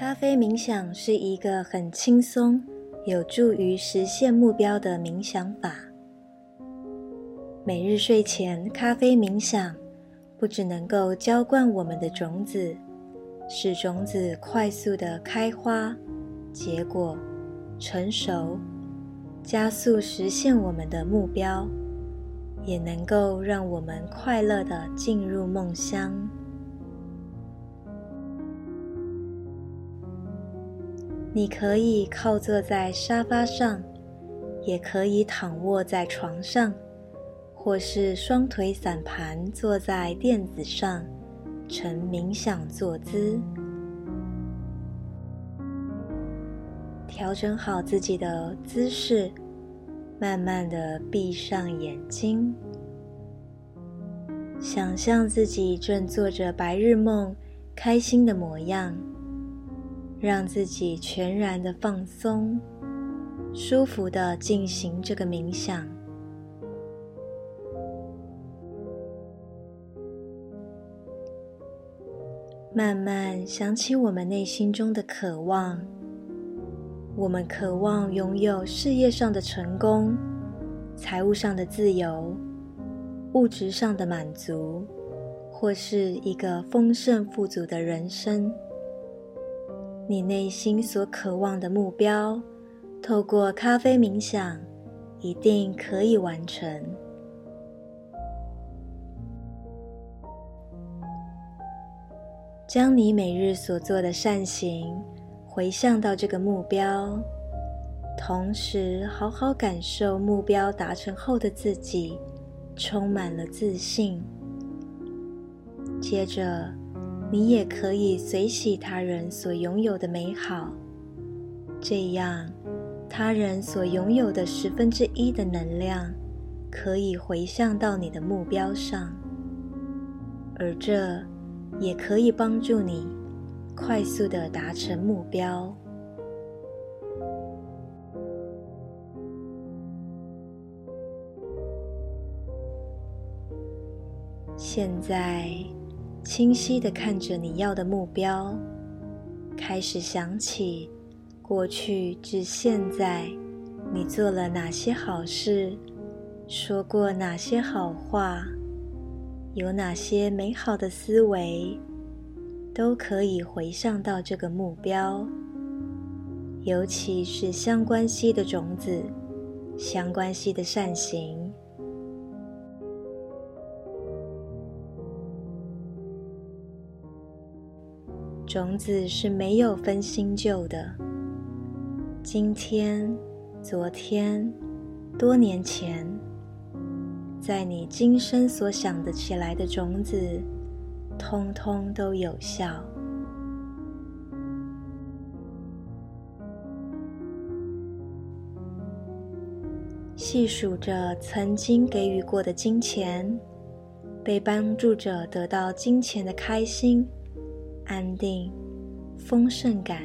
咖啡冥想是一個很輕鬆、有助於實現目標的冥想法。每日睡前咖啡冥想，不只能夠澆灌我們的種子，使種子快速的開花、結果、成熟，加速實現我們的目標，也能夠讓我們快樂的進入夢鄉。你可以靠坐在沙發上，也可以躺臥在床上，或是雙腿散盤坐在墊子上，呈冥想坐姿。調整好自己的姿勢，慢慢的閉上眼睛，想象自己正做着白日夢，開心的模樣。讓自己全然的放鬆，舒服的進行這個冥想。慢慢想起我們內心中的渴望，我們渴望擁有事業上的成功、財務上的自由、物質上的滿足，或是一個豐盛富足的人生。你內心所渴望的目標，透過咖啡冥想，一定可以完成。將你每日所做的善行，回向到這個目標，同時好好感受目標達成後的自己，充滿了自信。接着。你也可以隨喜他人所擁有的美好，這樣，他人所擁有的十分之一的能量，可以回向到你的目標上，而這也可以幫助你快速的達成目標。現在。清晰地看着你要的目標，開始想起過去至現在，你做了哪些好事，說過哪些好話，有哪些美好的思維，都可以迴向到這個目標，尤其是相關係的種子、相關係的善行。種子是沒有分新舊的。今天、昨天、多年前，在你今生所想得起來的種子，通通都有效。細數着曾經給予過的金錢，被幫助者得到金錢的開心。安定、豐盛感，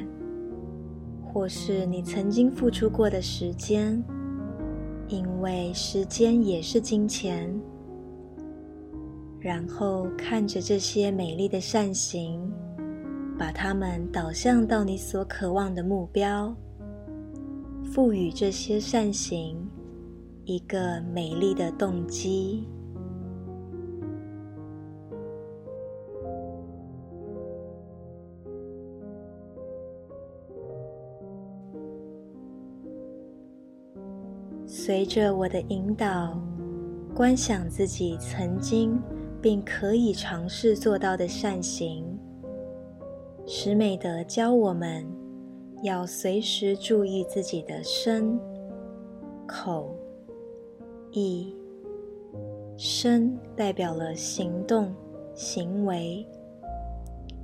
或是你曾經付出過的時間，因為時間也是金錢。然後看着這些美麗的善行，把它們導向到你所渴望的目標，賦予這些善行一個美麗的動機。隨着我的引導，觀想自己曾經並可以嘗試做到的善行。十美德教我們要隨時注意自己的身、口、意。身代表了行動、行為；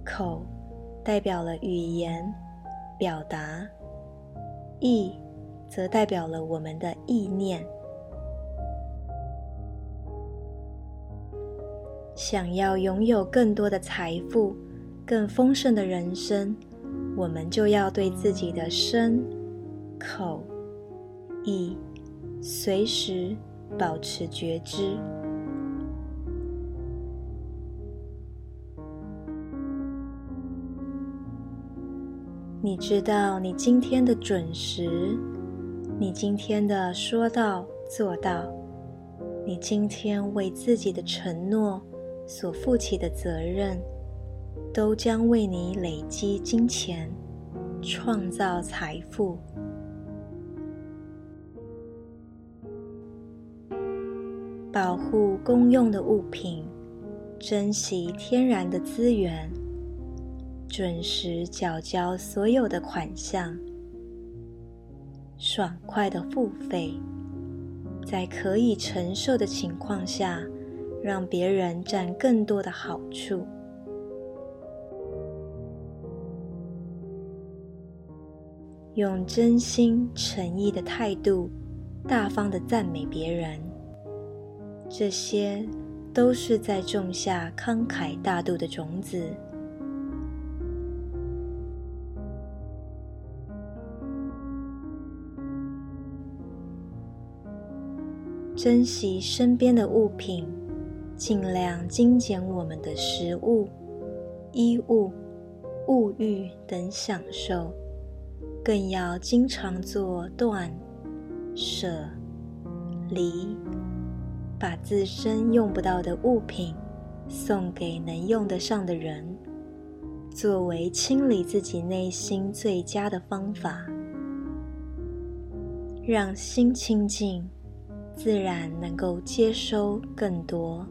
口代表了語言、表達；意，則代表了我們的意念。想要擁有更多的財富、更豐盛的人生，我們就要對自己的身、口、意隨時保持覺知。你知道你今天的準時，你今天的說到做到，你今天為自己的承諾所負起的責任，都將為你累積金錢，創造財富，保護公用的物品，珍惜天然的資源，準時繳交所有的款項。爽快的付費，在可以承受的情況下，讓別人佔更多的好處。用真心誠意的態度，大方的讚美別人，這些都是在種下慷慨大度的種子。珍惜身邊的物品，盡量精簡我們的食物、衣物、物欲等享受，更要經常做斷、舍、離，把自身用不到的物品送給能用得上的人，作為清理自己內心最佳的方法，讓心清淨。自然能夠接收更多。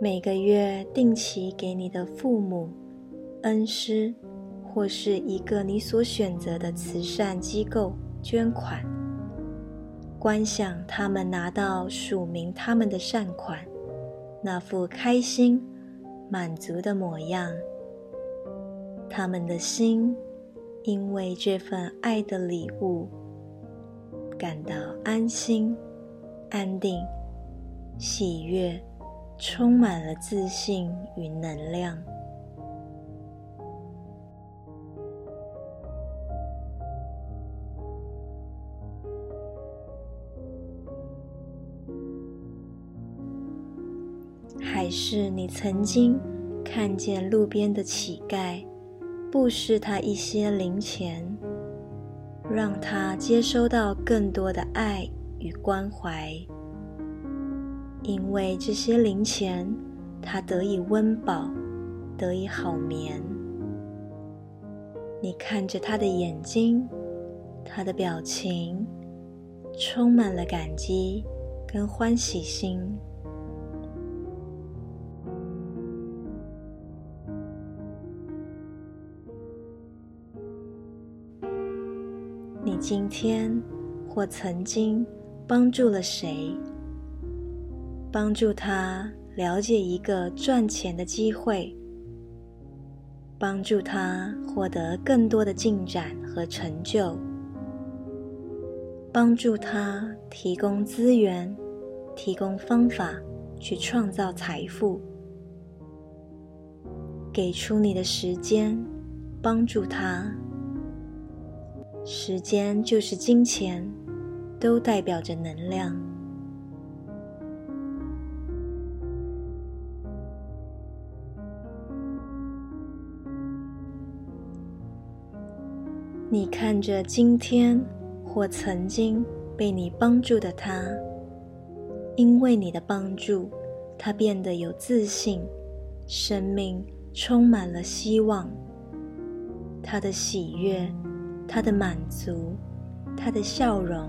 每個月定期給你的父母、恩師，或是一個你所選擇的慈善機構捐款，觀想他們拿到署名他們的善款，那副開心，滿足的模樣，他們的心因為這份愛的禮物感到安心、安定、喜悅，充滿了自信與能量。是你曾經看見路邊的乞丐，布施他一些零錢，讓他接收到更多的愛與關懷。因為這些零錢，他得以溫飽，得以好眠。你看着他的眼睛，他的表情充滿了感激跟歡喜心。你今天或曾經幫助了誰？幫助他了解一個賺錢的機會，幫助他獲得更多的進展和成就，幫助他提供資源、提供方法去創造財富，給出你的時間幫助他。時間就是金錢，都代表着能量。你看着今天或曾經被你幫助的他，因為你的幫助，他變得有自信，生命充滿了希望。他的喜悅。他的滿足，他的笑容，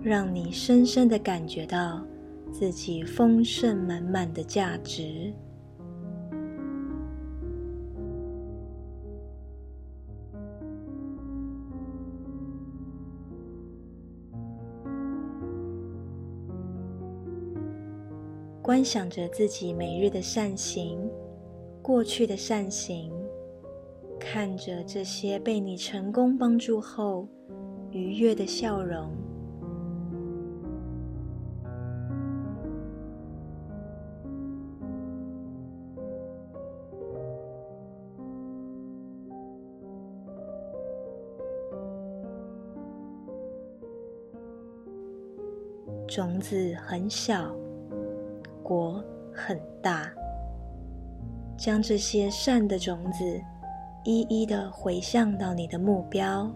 讓你深深的感覺到自己豐盛滿滿的價值。觀想着自己每日的善行，過去的善行，看着這些被你成功幫助後愉悅的笑容，種子很小，果很大。將這些善的種子，一一的回向到你的目標。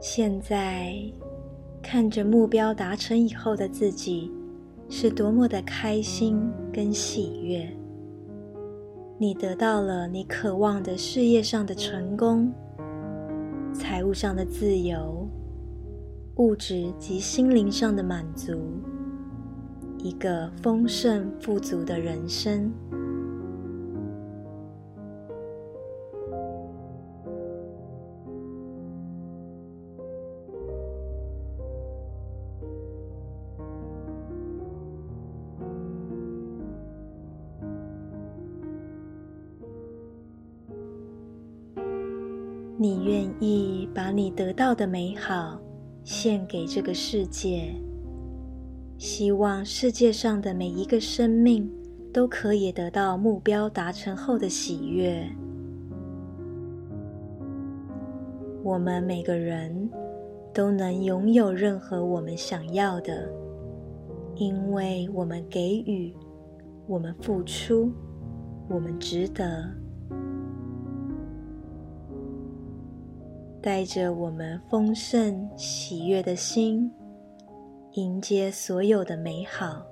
現在，看着目標達成以後的自己，是多麼的開心跟喜悅。你得到了你渴望的事業上的成功、財務上的自由、物質及心靈上的滿足。一個豐盛富足的人生。你願意把你得到的美好獻給這個世界。希望世界上的每一個生命都可以得到目標達成後的喜悅。我們每個人都能擁有任何我們想要的，因為我們給予，我們付出，我們值得。帶着我們豐盛喜悅的心。迎接所有的美好。